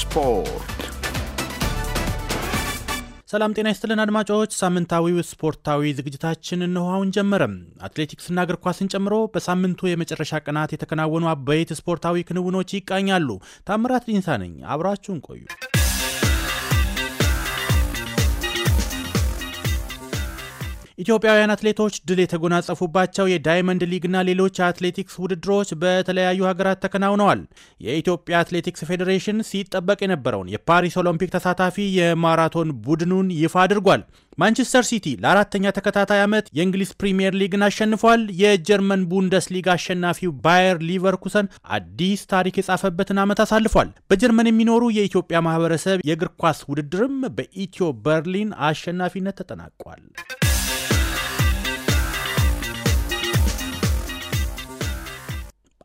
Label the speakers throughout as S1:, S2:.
S1: ስፖርት። ሰላም ጤና ይስጥልን አድማጮች፣ ሳምንታዊው ስፖርታዊ ዝግጅታችን እነሆ አሁን ጀመረም። አትሌቲክስና እግር ኳስን ጨምሮ በሳምንቱ የመጨረሻ ቀናት የተከናወኑ አበይት ስፖርታዊ ክንውኖች ይቃኛሉ። ታምራት ዲንሳ ነኝ፣ አብራችሁን ቆዩ። ኢትዮጵያውያን አትሌቶች ድል የተጎናጸፉባቸው የዳይመንድ ሊግና ሌሎች የአትሌቲክስ ውድድሮች በተለያዩ ሀገራት ተከናውነዋል። የኢትዮጵያ አትሌቲክስ ፌዴሬሽን ሲጠበቅ የነበረውን የፓሪስ ኦሎምፒክ ተሳታፊ የማራቶን ቡድኑን ይፋ አድርጓል። ማንቸስተር ሲቲ ለአራተኛ ተከታታይ ዓመት የእንግሊዝ ፕሪምየር ሊግን አሸንፏል። የጀርመን ቡንደስ ሊግ አሸናፊው ባየር ሊቨርኩሰን አዲስ ታሪክ የጻፈበትን ዓመት አሳልፏል። በጀርመን የሚኖሩ የኢትዮጵያ ማህበረሰብ የእግር ኳስ ውድድርም በኢትዮ በርሊን አሸናፊነት ተጠናቋል።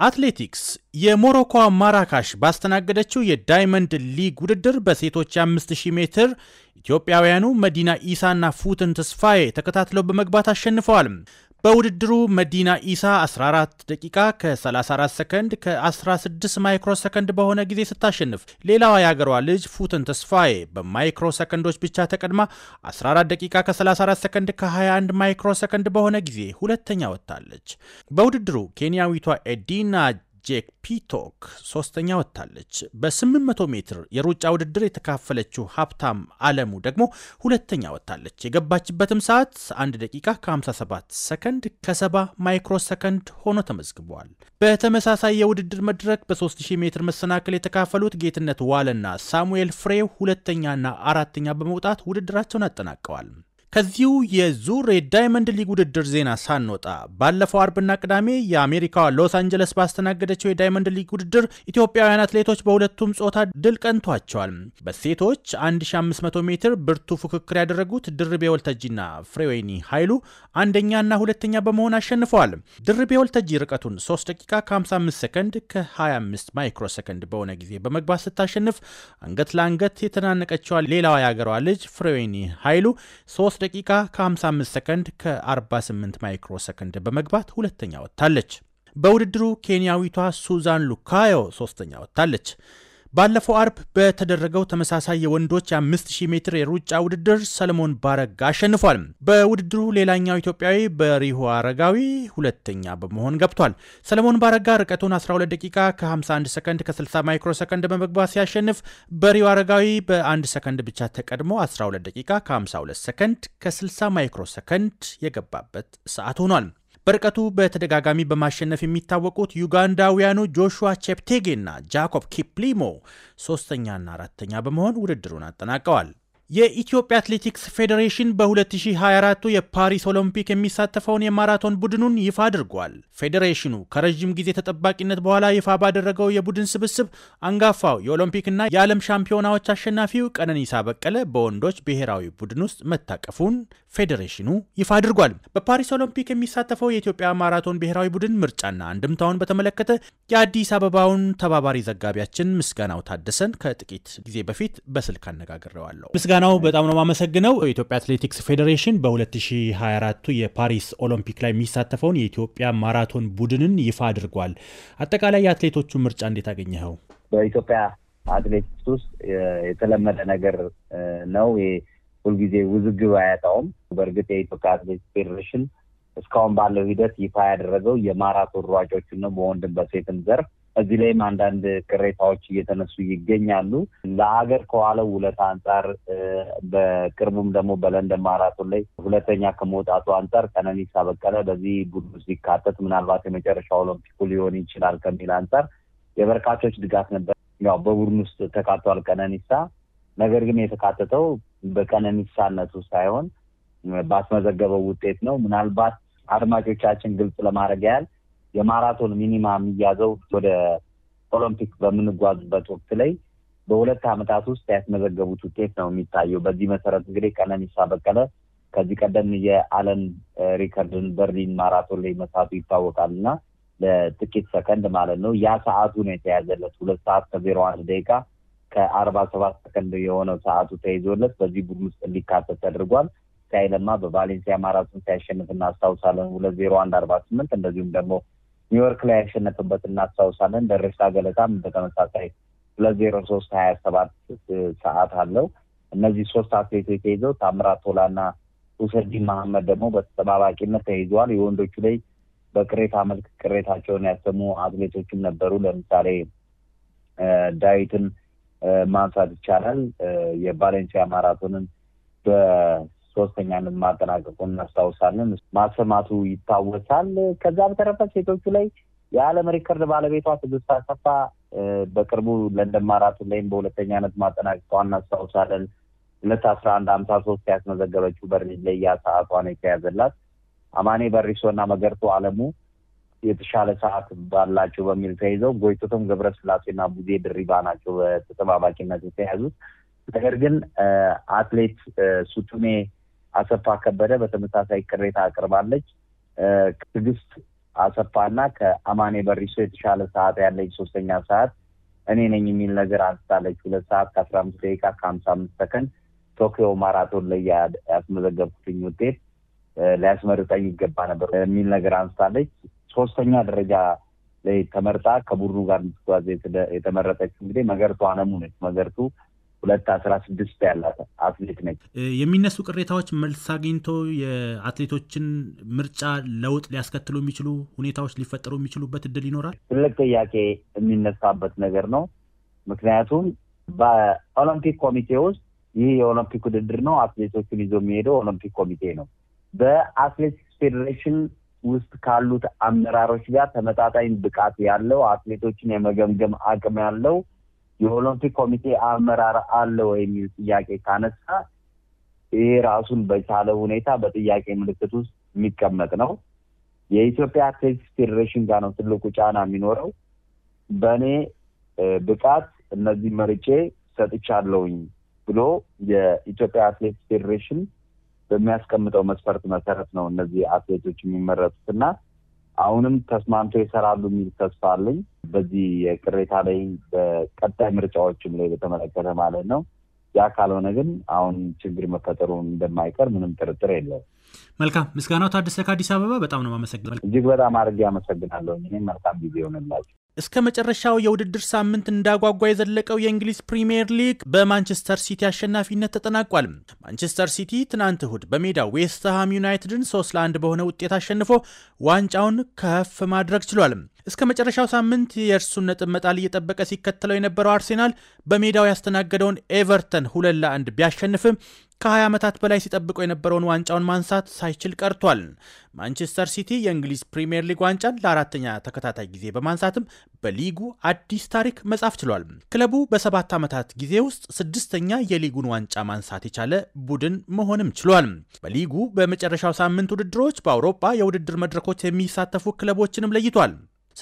S1: አትሌቲክስ የሞሮኮ ማራካሽ ባስተናገደችው የዳይመንድ ሊግ ውድድር በሴቶች የ5000 ሜትር ኢትዮጵያውያኑ መዲና ኢሳና ፉትን ተስፋዬ ተከታትለው በመግባት አሸንፈዋል። በውድድሩ መዲና ኢሳ 14 ደቂቃ ከ34 ሰከንድ ከ16 ማይክሮ ሰከንድ በሆነ ጊዜ ስታሸንፍ ሌላዋ የአገሯ ልጅ ፉትን ተስፋዬ በማይክሮ ሰከንዶች ብቻ ተቀድማ 14 ደቂቃ ከ34 ሰከንድ ከ21 ማይክሮ ሰከንድ በሆነ ጊዜ ሁለተኛ ወጥታለች። በውድድሩ ኬንያዊቷ ኤዲና ጄክ ፒቶክ ሶስተኛ ወጥታለች። በ800 ሜትር የሩጫ ውድድር የተካፈለችው ሀብታም አለሙ ደግሞ ሁለተኛ ወጥታለች። የገባችበትም ሰዓት 1 ደቂቃ ከ57 ሰከንድ ከ70 ማይክሮ ሰከንድ ሆኖ ተመዝግቧል። በተመሳሳይ የውድድር መድረክ በ3000 ሜትር መሰናክል የተካፈሉት ጌትነት ዋለና ሳሙኤል ፍሬው ሁለተኛና አራተኛ በመውጣት ውድድራቸውን አጠናቀዋል። ከዚሁ የዙር የዳይመንድ ሊግ ውድድር ዜና ሳንወጣ ባለፈው አርብና ቅዳሜ የአሜሪካዋ ሎስ አንጀለስ ባስተናገደችው የዳይመንድ ሊግ ውድድር ኢትዮጵያውያን አትሌቶች በሁለቱም ጾታ ድል ቀንቷቸዋል። በሴቶች 1500 ሜትር ብርቱ ፉክክር ያደረጉት ድርቤ ወልተጂና ፍሬወይኒ ኃይሉ አንደኛና ሁለተኛ በመሆን አሸንፈዋል። ድርቤ ወልተጂ ርቀቱን 3 ደቂቃ ከ55 ሰከንድ ከ25 ማይክሮ ሰከንድ በሆነ ጊዜ በመግባት ስታሸንፍ አንገት ለአንገት የተናነቀችዋል ሌላዋ የአገሯ ልጅ ፍሬወይኒ ኃይሉ 3 ደቂቃ ከ55 ሰከንድ ከ48 ማይክሮ ሰከንድ በመግባት ሁለተኛ ወጥታለች። በውድድሩ ኬንያዊቷ ሱዛን ሉካዮ ሶስተኛ ወጥታለች። ባለፈው አርብ በተደረገው ተመሳሳይ የወንዶች የ5000 ሜትር የሩጫ ውድድር ሰለሞን ባረጋ አሸንፏል። በውድድሩ ሌላኛው ኢትዮጵያዊ በሪሁ አረጋዊ ሁለተኛ በመሆን ገብቷል። ሰለሞን ባረጋ ርቀቱን 12 ደቂቃ ከ51 ሰከንድ ከ60 ማይክሮ ሰከንድ በመግባት ሲያሸንፍ በሪሁ አረጋዊ በ1 ሰከንድ ብቻ ተቀድሞ 12 ደቂቃ ከ52 ሰከንድ ከ60 ማይክሮ ሰከንድ የገባበት ሰዓት ሆኗል። በርቀቱ በተደጋጋሚ በማሸነፍ የሚታወቁት ዩጋንዳውያኑ ጆሹዋ ቼፕቴጌና ጃኮብ ኪፕሊሞ ሶስተኛና አራተኛ በመሆን ውድድሩን አጠናቀዋል። የኢትዮጵያ አትሌቲክስ ፌዴሬሽን በ2024 የፓሪስ ኦሎምፒክ የሚሳተፈውን የማራቶን ቡድኑን ይፋ አድርጓል። ፌዴሬሽኑ ከረዥም ጊዜ ተጠባቂነት በኋላ ይፋ ባደረገው የቡድን ስብስብ አንጋፋው የኦሎምፒክና የዓለም ሻምፒዮናዎች አሸናፊው ቀነኒሳ በቀለ በወንዶች ብሔራዊ ቡድን ውስጥ መታቀፉን ፌዴሬሽኑ ይፋ አድርጓል። በፓሪስ ኦሎምፒክ የሚሳተፈው የኢትዮጵያ ማራቶን ብሔራዊ ቡድን ምርጫና አንድምታውን በተመለከተ የአዲስ አበባውን ተባባሪ ዘጋቢያችን ምስጋናው ታደሰን ከጥቂት ጊዜ በፊት በስልክ አነጋግሬዋለሁ። ምስጋናው በጣም ነው ማመሰግነው። የኢትዮጵያ አትሌቲክስ ፌዴሬሽን በ 2024 የፓሪስ ኦሎምፒክ ላይ የሚሳተፈውን የኢትዮጵያ ማራቶን ቡድንን ይፋ አድርጓል። አጠቃላይ የአትሌቶቹ ምርጫ እንዴት አገኘኸው?
S2: በኢትዮጵያ አትሌቲክስ ውስጥ የተለመደ ነገር ነው። ሁልጊዜ ውዝግብ አያጣውም። በእርግጥ የኢትዮጵያ አትሌቲክስ ፌዴሬሽን እስካሁን ባለው ሂደት ይፋ ያደረገው የማራቶን ሯጮችን ነው በወንድም በሴትም ዘርፍ እዚህ ላይም አንዳንድ ቅሬታዎች እየተነሱ ይገኛሉ። ለሀገር ከዋለው ውለት አንጻር በቅርቡም ደግሞ በለንደን ማራቶን ላይ ሁለተኛ ከመውጣቱ አንጻር ቀነኒሳ በቀለ በዚህ ቡድን ሲካተት ምናልባት የመጨረሻ ኦሎምፒኩ ሊሆን ይችላል ከሚል አንጻር የበርካቶች ድጋፍ ነበር። ያው በቡድን ውስጥ ተካቷል ቀነኒሳ። ነገር ግን የተካተተው በቀነኒሳነቱ ሳይሆን ባስመዘገበው ውጤት ነው። ምናልባት አድማጮቻችን ግልጽ ለማድረግ ያህል የማራቶን ሚኒማ የሚያዘው ወደ ኦሎምፒክ በምንጓዝበት ወቅት ላይ በሁለት ዓመታት ውስጥ ያስመዘገቡት ውጤት ነው የሚታየው። በዚህ መሰረት እንግዲህ ቀነኒሳ በቀለ ከዚህ ቀደም የዓለም ሪከርድን በርሊን ማራቶን ላይ መሳቱ ይታወቃል እና ለጥቂት ሰከንድ ማለት ነው ያ ሰዓቱ ነው የተያዘለት ሁለት ሰዓት ከዜሮ አንድ ደቂቃ ከአርባ ሰባት ሰከንድ የሆነው ሰዓቱ ተይዞለት በዚህ ቡድን ውስጥ እንዲካተት ተደርጓል። ሲያይለማ በቫሌንሲያ ማራቶን ሲያሸንፍ እናስታውሳለን ሁለት ዜሮ አንድ አርባ ስምንት እንደዚሁም ደግሞ ኒውዮርክ ላይ ያሸነፈበት እናስታውሳለን። ደረሳ ገለታም በተመሳሳይ ሁለት ዜሮ ሶስት ሀያ ሰባት ሰዓት አለው። እነዚህ ሶስት አትሌቶች ተይዘው ታምራት ቶላ ና ሁሰዲን መሀመድ ደግሞ በተጠባባቂነት ተይዘዋል። የወንዶቹ ላይ በቅሬታ መልክ ቅሬታቸውን ያሰሙ አትሌቶችም ነበሩ። ለምሳሌ ዳዊትን ማንሳት ይቻላል። የቫሌንሲያ ማራቶንን በ ሶስተኛን ማጠናቀቁን እናስታውሳለን። ማሰማቱ ይታወሳል። ከዛ በተረፈ ሴቶቹ ላይ የዓለም ሪከርድ ባለቤቷ ትዕግስት አሰፋ በቅርቡ ለንደን ማራቶን ላይም በሁለተኛነት ማጠናቀቋ እናስታውሳለን። ሁለት አስራ አንድ አምሳ ሶስት ያስመዘገበችው በርሊን ላይ ያ ነው የተያዘላት አማኔ በሪሶ እና መገርቶ አለሙ የተሻለ ሰዓት ባላቸው በሚል ተይዘው ጎይቶቶም እና ቡዜ ድሪባ ናቸው በተጠባባቂነት የተያዙት። ነገር ግን አትሌት ሱቱሜ አሰፋ ከበደ በተመሳሳይ ቅሬታ አቅርባለች። ትዕግስት አሰፋና ከአማኔ በሪሶ የተሻለ ሰዓት ያለች ሶስተኛ ሰዓት እኔ ነኝ የሚል ነገር አንስታለች። ሁለት ሰዓት ከአስራ አምስት ደቂቃ ከሀምሳ አምስት ሰከንድ ቶኪዮ ማራቶን ላይ ያስመዘገብኩትኝ ውጤት ሊያስመርጠኝ ይገባ ነበር የሚል ነገር አንስታለች። ሶስተኛ ደረጃ ላይ ተመርጣ ከቡድኑ ጋር እንድትጓዝ የተመረጠችው እንግዲህ መገርቱ አለሙ ነች። መገርቱ ሁለት አስራ ስድስት ያላት አትሌት ነች።
S1: የሚነሱ ቅሬታዎች መልስ አግኝቶ የአትሌቶችን ምርጫ ለውጥ ሊያስከትሉ የሚችሉ ሁኔታዎች ሊፈጠሩ የሚችሉበት እድል ይኖራል።
S2: ትልቅ ጥያቄ የሚነሳበት ነገር ነው። ምክንያቱም በኦሎምፒክ ኮሚቴ ውስጥ ይህ የኦሎምፒክ ውድድር ነው። አትሌቶቹን ይዞ የሚሄደው ኦሎምፒክ ኮሚቴ ነው። በአትሌቲክስ ፌዴሬሽን ውስጥ ካሉት አመራሮች ጋር ተመጣጣኝ ብቃት ያለው አትሌቶችን የመገምገም አቅም ያለው የኦሎምፒክ ኮሚቴ አመራር አለ የሚል ጥያቄ ካነሳ ይህ ራሱን በቻለ ሁኔታ በጥያቄ ምልክት ውስጥ የሚቀመጥ ነው። የኢትዮጵያ አትሌቲክስ ፌዴሬሽን ጋር ነው ትልቁ ጫና የሚኖረው። በእኔ ብቃት እነዚህ መርጬ ሰጥቻለሁኝ ብሎ የኢትዮጵያ አትሌቲክስ ፌዴሬሽን በሚያስቀምጠው መስፈርት መሰረት ነው እነዚህ አትሌቶች የሚመረጡት እና አሁንም ተስማምቶ ይሰራሉ የሚል ተስፋ አለኝ። በዚህ የቅሬታ ላይ በቀጣይ ምርጫዎችም ላይ በተመለከተ ማለት ነው። ያ ካልሆነ ግን አሁን ችግር መፈጠሩ እንደማይቀር ምንም ጥርጥር የለው።
S1: መልካም ምስጋናው ታደሰ ከአዲስ
S2: አበባ በጣም ነው ማመሰግናል። እጅግ በጣም አድርጌ አመሰግናለሁ። እኔም መልካም ጊዜ ይሆንላችሁ።
S1: እስከ መጨረሻው የውድድር ሳምንት እንዳጓጓ የዘለቀው የእንግሊዝ ፕሪምየር ሊግ በማንቸስተር ሲቲ አሸናፊነት ተጠናቋል። ማንቸስተር ሲቲ ትናንት እሁድ በሜዳው ዌስትሃም ዩናይትድን 3 ለ1 በሆነ ውጤት አሸንፎ ዋንጫውን ከፍ ማድረግ ችሏል። እስከ መጨረሻው ሳምንት የእርሱን ነጥብ መጣል እየጠበቀ ሲከተለው የነበረው አርሴናል በሜዳው ያስተናገደውን ኤቨርተን ሁለት ለአንድ ቢያሸንፍም ከ20 ዓመታት በላይ ሲጠብቀው የነበረውን ዋንጫውን ማንሳት ሳይችል ቀርቷል። ማንቸስተር ሲቲ የእንግሊዝ ፕሪምየር ሊግ ዋንጫን ለአራተኛ ተከታታይ ጊዜ በማንሳትም በሊጉ አዲስ ታሪክ መጻፍ ችሏል። ክለቡ በሰባት ዓመታት ጊዜ ውስጥ ስድስተኛ የሊጉን ዋንጫ ማንሳት የቻለ ቡድን መሆንም ችሏል። በሊጉ በመጨረሻው ሳምንት ውድድሮች በአውሮፓ የውድድር መድረኮች የሚሳተፉ ክለቦችንም ለይቷል።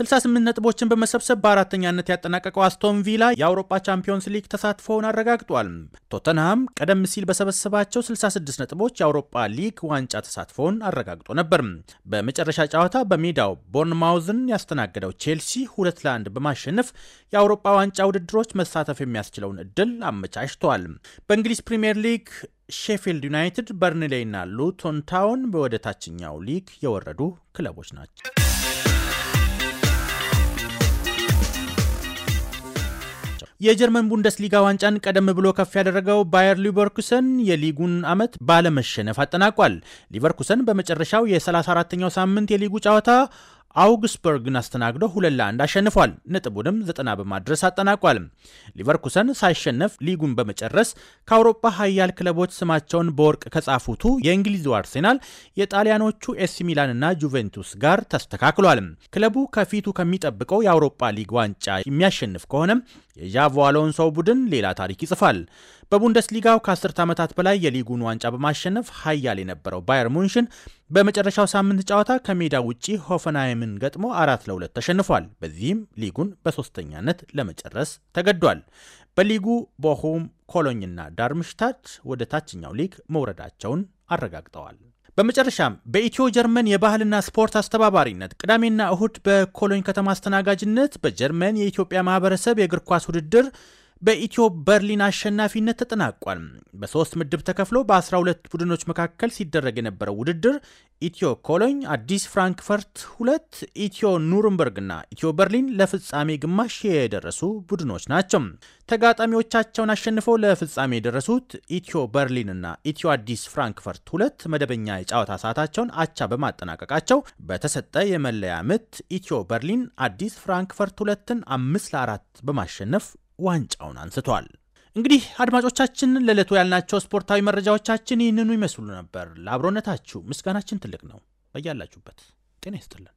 S1: 68 ነጥቦችን በመሰብሰብ በአራተኛነት ያጠናቀቀው አስቶን ቪላ የአውሮፓ ቻምፒዮንስ ሊግ ተሳትፎውን አረጋግጧል። ቶተንሃም ቀደም ሲል በሰበሰባቸው 66 ነጥቦች የአውሮፓ ሊግ ዋንጫ ተሳትፎውን አረጋግጦ ነበር። በመጨረሻ ጨዋታ በሜዳው ቦርንማውዝን ያስተናገደው ቼልሲ ሁለት ለአንድ በማሸነፍ የአውሮፓ ዋንጫ ውድድሮች መሳተፍ የሚያስችለውን እድል አመቻችተዋል። በእንግሊዝ ፕሪምየር ሊግ ሼፊልድ ዩናይትድ፣ በርንሌይና ሉቶን ታውን ወደ ታችኛው ሊግ የወረዱ ክለቦች ናቸው። የጀርመን ቡንደስሊጋ ዋንጫን ቀደም ብሎ ከፍ ያደረገው ባየር ሊቨርኩሰን የሊጉን ዓመት ባለመሸነፍ አጠናቋል። ሊቨርኩሰን በመጨረሻው የ34ኛው ሳምንት የሊጉ ጨዋታ አውግስበርግን አስተናግዶ ሁለት ለአንድ አሸንፏል። ነጥቡንም ዘጠና በማድረስ አጠናቋል። ሊቨርኩሰን ሳይሸነፍ ሊጉን በመጨረስ ከአውሮፓ ሀያል ክለቦች ስማቸውን በወርቅ ከጻፉቱ የእንግሊዙ አርሴናል፣ የጣሊያኖቹ ኤሲ ና ጁቬንቱስ ጋር ተስተካክሏል። ክለቡ ከፊቱ ከሚጠብቀው የአውሮፓ ሊግ ዋንጫ የሚያሸንፍ ከሆነም የዣቮ አሎንሶ ቡድን ሌላ ታሪክ ይጽፋል። በቡንደስሊጋው ከአስርት ዓመታት በላይ የሊጉን ዋንጫ በማሸነፍ ሀያል የነበረው ባየር ሙንሽን በመጨረሻው ሳምንት ጨዋታ ከሜዳ ውጪ ሆፈንሃይምን ገጥሞ አራት ለሁለት ተሸንፏል። በዚህም ሊጉን በሶስተኛነት ለመጨረስ ተገዷል። በሊጉ ቦሆም፣ ኮሎኝና ዳርምሽታት ወደ ታችኛው ሊግ መውረዳቸውን አረጋግጠዋል። በመጨረሻም በኢትዮ ጀርመን የባህልና ስፖርት አስተባባሪነት ቅዳሜና እሁድ በኮሎኝ ከተማ አስተናጋጅነት በጀርመን የኢትዮጵያ ማህበረሰብ የእግር ኳስ ውድድር በኢትዮ በርሊን አሸናፊነት ተጠናቋል። በሶስት ምድብ ተከፍሎ በ12 ቡድኖች መካከል ሲደረግ የነበረው ውድድር ኢትዮ ኮሎኝ፣ አዲስ ፍራንክፈርት ሁለት፣ ኢትዮ እና ኢትዮ በርሊን ለፍጻሜ ግማሽ የደረሱ ቡድኖች ናቸው። ተጋጣሚዎቻቸውን አሸንፈው ለፍጻሜ የደረሱት ኢትዮ በርሊንና ኢትዮ አዲስ ፍራንክፈርት ሁለት መደበኛ የጨዋታ ሰዓታቸውን አቻ በማጠናቀቃቸው በተሰጠ የመለያ ምት ኢትዮ በርሊን አዲስ ፍራንክፈርት ሁለትን አምስት ለአራት በማሸነፍ ዋንጫውን አንስቷል። እንግዲህ አድማጮቻችን ለዕለቱ ያልናቸው ስፖርታዊ መረጃዎቻችን ይህንኑ ይመስሉ ነበር። ለአብሮነታችሁ ምስጋናችን ትልቅ ነው። በያላችሁበት ጤና ይስጥልን።